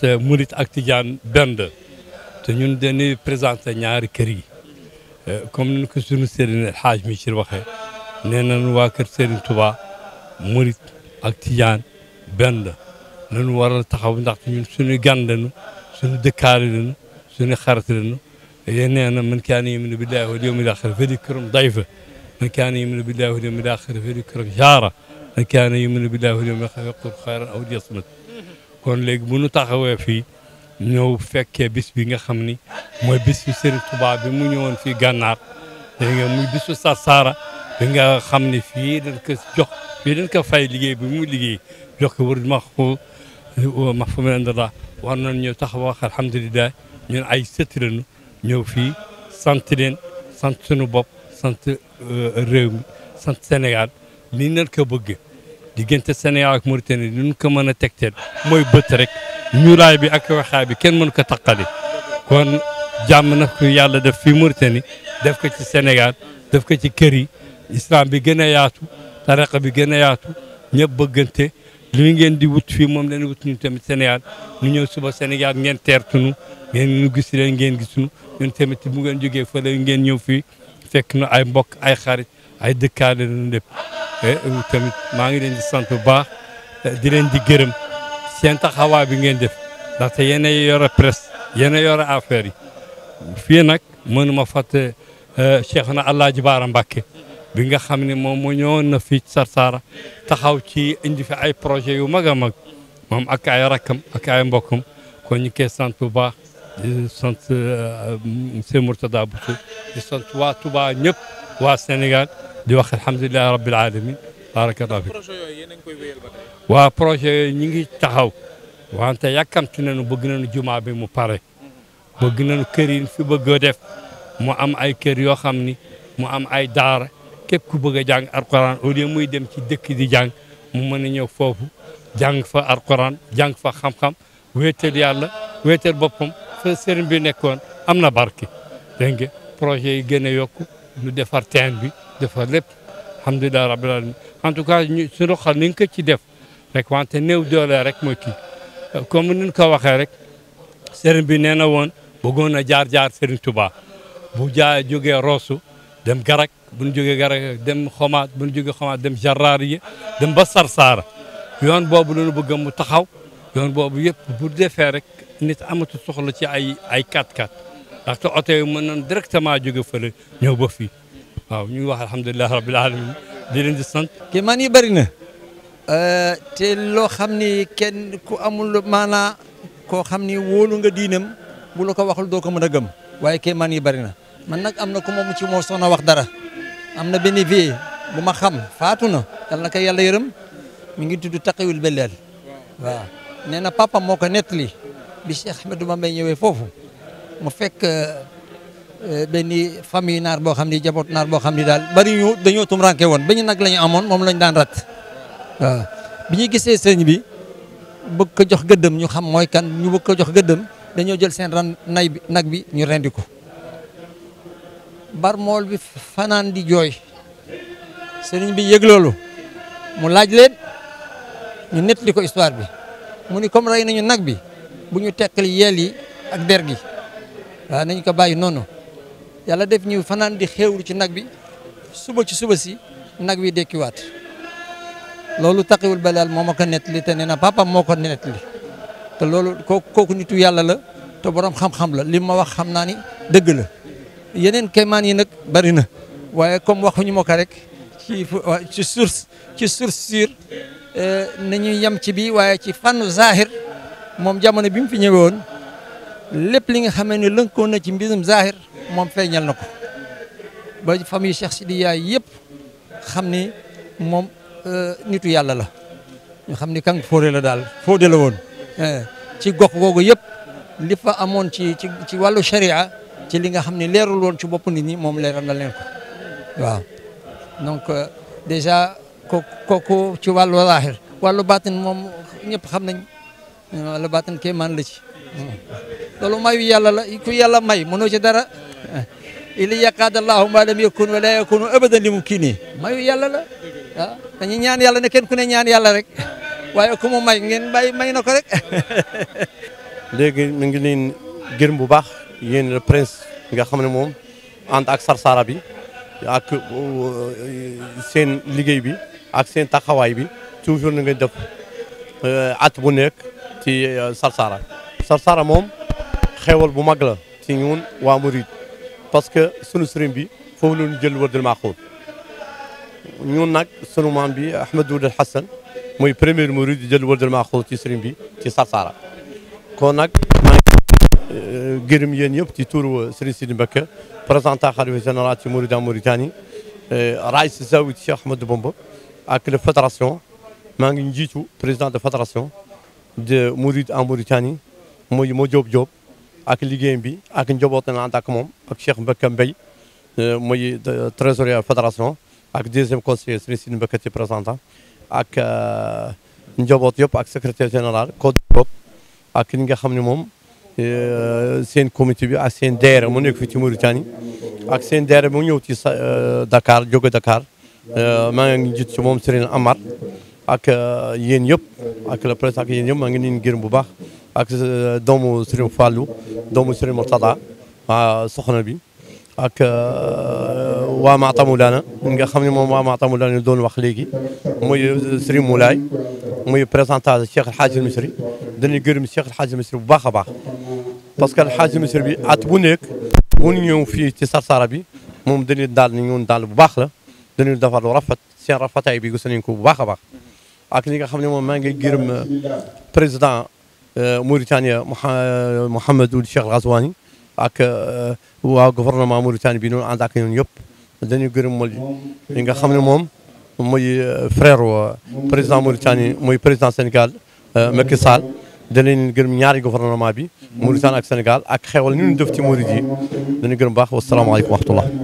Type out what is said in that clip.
te murit ak tijaan benn te ñun dañuy présenté ñaari kër yi eh, comme ni ko sunu sëriñ xaaj mi ci waxee nee nañu waa kër Sëriñ Tuubaa murit ak tijaan benn la lañu war a taxaw ndaxte ñun suñu gan lañu suñu dëkkaale lañu suñu xarit lañu yéen nee na man kaana yuminu billaahi wal yawmil aaxir fa dikrum dayfa man kaana yuminu billaahi wal yawmil aaxir fa dikrum jaara man kaana yuminu billaahi wal yawmil aaxir fa qul xayran aw liyasmut kon léegi bu nu taxawee fii ñëw fekkee bis bi nga xam ni mooy bisu Serigne Touba bi mu ñëwoon fii gànnaar dégg nga muy bisu Sarsara bi nga xam ni fii dañ ko jox fii dañ ko fay liggéey bi mu liggéey jox ko wër ma ko ma fa mu ne war nañ ñëw taxawoo wax alhamdulilah ñun ay sët lañu ñëw fii sant leen sant sunu bopp sant euh, réew mi sant Sénégal ni nañ ko diggante Sénégal ak Mauritanie ni ñu ko mën a tegteel mooy bët rek ñuulaay bi ak waxaay bi kenn mënu ko takkali kon jàmm na ko yàlla def fii Mauritanie def ko ci Sénégal def ko ci kër yi islam bi gën a yaatu tariqa bi gën a yaatu ñëpp bëggante li ngeen di wut fii moom leen wut ñu tamit Sénégal ñu ñëw suba Sénégal ngeen teertunu ngeen ñu gis leen ngeen gisunu ñun tamit bu ngeen jógee fële ngeen ñëw fii fekk nu ay mbokk ay xarit ay dëkkaale lañu lépp Eh, eh, tamit maa ngi leen di sant bu baax eh, di leen di gërëm seen taxawaa bi ngeen def ndaxte yéen a yore presse yéen a affaire yi fii nag ma fàtte Cheikh na Alaaji Baara Mbàkke bi nga xam ni moom moo ñëwoon na fii Sarsara taxaw ci indifi ay projet yu mag a mag moom ak ay rakkam ak ay mbokkam ko ñu koy sant bu baax di sant monsieur Mourtada Boutou di sant waa Touba ñëpp waa Sénégal di wax alhamdulilah rabbil alamin barakallahu fi waa projet ñi ngi taxaw wante yàkkamti nañu bëgg nañu jumaa bi mu pare bëgg nañu kër yi fi bëgg def mu am ay kër yoo xam ni mu am ay daara képp ku bëgg a jàng alquran au lieu muy dem ci dëkk di jàng mu mën a ñëw foofu jàng fa alquran jàng fa xam-xam wéetal yàlla wéetal boppam fa sëriñ bi nekkoon am na barke dégg projet yi gën a yokku ñu defar teen bi dafa lépp alhamdulilah rabbil alamin en tout cas ñu suñu ni nga ko ci def rek wante néew doole rek mooy kii comme ni ko waxee rek serin bi nee na woon bëggoon na jaar jaar sëriñ Touba bu jaa jógee Roosu dem Garak bu ñu jógee Garak dem Xomaat bu ñu jógee Xomaat dem Jarraar yi dem ba Sarsaara yoon boobu la ñu bëgg mu taxaw yoon boobu yëpp bu defee rek nit amatu soxla ci ay ay 4x4 ndaxte mën nañ directement jóge fële ñëw ba fii. waaw ñu ngi wax alhamdulilah rabbil alamin di leen di sant. kii man yi bëri na. Euh, loo xam ni kenn ku amul maanaa koo xam ni woolu nga diinam bu la ko waxul doo ko mën a gëm waaye kii man yi bëri na man nag am na ku moom ci moo soxna wax dara am na benn vie bu ma xam faatu na yal na ko yàlla yërëm mi ngi tudd taqawil beleel waaw nee na papa moo ko nettali bi Cheikh Ahmadou Bamba ñëwee foofu mu fekk. Eh, benn fami naar boo xam ni jaboot naar boo xam ni daal bari ñu dañoo tum ranke woon ba ñu nag la amoon moom lañ daan rat waaw bi ñu gisee sëñ bi bëgg ko jox gëddëm ñu xam mooy kan ñu bëgg ko jox gëddëm dañoo jël seen ran nay bi nag bi ñu rendi ko barmool bi fanaan di jooy sëriñ bi yëgloolu mu laaj leen ñu di ko histoire bi mu ni comme rey nañu nag bi bu ñu teqali yeel yi ak der gi waa nañ ko bàyyi noonu yàlla def ñu fanaan di xew ci nag bi suba ci suba si nag wi dekkiwaat loolu taqiwul balal moo ma ko nettali te nee na papaam moo ko nettali te loolu kooku kooku nitu yàlla la te boroom xam-xam la li ma wax xam naa ni dëgg la yeneen kaymaan yi nag bari na waaye comme waxuñu ma ko rek ci ci source ci source euh, nañu yem ci bi waaye ci fànnu zahir moom jamono bi mu fi ñëwee woon lépp li nga xamee ne lënkoon na ci mbirum zahir moom feeñal na ko ba famille di Sidiya yëpp xam ni moom euh, nitu yàlla la xam ni Kanku Fodé la daal Fodé la woon eh, ci gox googu yëpp li amoon ci ci ci wàllu sharia ci li nga xam ne leerul woon ci bopp nit ñi moom leeral na leen ko waaw donc euh, déjà ko ci wàllu zaahir wàllu baatin moom ñëpp xam nañ wàllu baatin kéemaan la ci hmm. loolu mayu yàlla la ku yàlla may mënoo ci dara Eh, ili yaqaad allahu ma lam yakun wa la yakunu abadan li mumkini mayu yàlla la waaw dañuy ñaan yàlla ne kenn ku ne ñaan yàlla rek waaye ku mu may ngeen bàyyi may na ko rek léegi mi ngi leen gërëm bu baax yéen le prince nga xam ne moom ànd ak sarsara bi ak euh, seen liggéey bi ak seen taxawaay bi toujours na nga def euh, at bu nekk ci euh, sarsara sarsara moom xewal bu mag la ci ñun waa Mouride parce que sunu sëriñ bi foofu la ñu jël wërdul maaxuud ñun nag sunu maam bi Ahmad Ould Hassan mooy premier murid di jël wërdul maaxuud ci sëriñ bi ci Sarsara kon nag maa ngi euh, gërëm yéen yëpp ci turu euh, sëriñ Sidi Mbacké présentant xalifa général ci Mouride en Mauritanie euh, raïs zawi ci Cheikh Ahmadou Bamba ak la fédération maa ngi njiitu président de fédération de Mouride en Mauritanie mooy moo Diop Diop ak liggéeyam bi ak njaboot na ànd ak moom ak Cheikh Mbacke Mbaye euh, muy euh, trésorier fédération ak deuxième conseiller Serigne Sidi Mbacke ci présentant ak euh, njoboot yëpp ak secretaire général code bopp ak ñi nga xam ne moom seen comité bi ak seen daayira mu nekk fi ci Mauritanie ak seen daayira mu ñëw ci Dakar jóge Dakar maa ngi jiit ci moom Serigne Amar ak yéen yëpp ak le presse ak yéen yëpp maa ngi leen gërëm bu baax ak euh, doomu Serigne Fallou doomu Serigne Mourtada soxna bi ak euh, waa Maatamu Daana nga xam ne moom waa Maatamu Daana doon wax léegi muy euh, Serigne Moulay muy présentation Cheikh El Hadj Misri dañuy gërëm Cheikh El Hadj Misri bu baax a baax parce que El Hadj Misri bi at bu nekk bu ñu ñëw fii ci Sarsara bi moom dañuy daal ni ñun daal bu baax la dañuy defar lu rafet seen rafetaay bi gis nañ ko bu baax a baax ak li nga xam ne moom maa ngi gërëm président. Mauritania Mouhamed Ould Cheikh Al Ghazouani ak e, waa gouvernement Mauritanie bi noonu ànd ak ñoom yëpp dañu gërëmal li nga xam ne moom mooy e, frère président Mauritanie mooy président Sénégal e, Macky Sall da leen gërëm ñaari gouvernement bi Mauritanie ak Sénégal ak xewal ñu ñu def ci Mauritanie dañu gërëm baax wasalaamaaleykum wa rahmatullah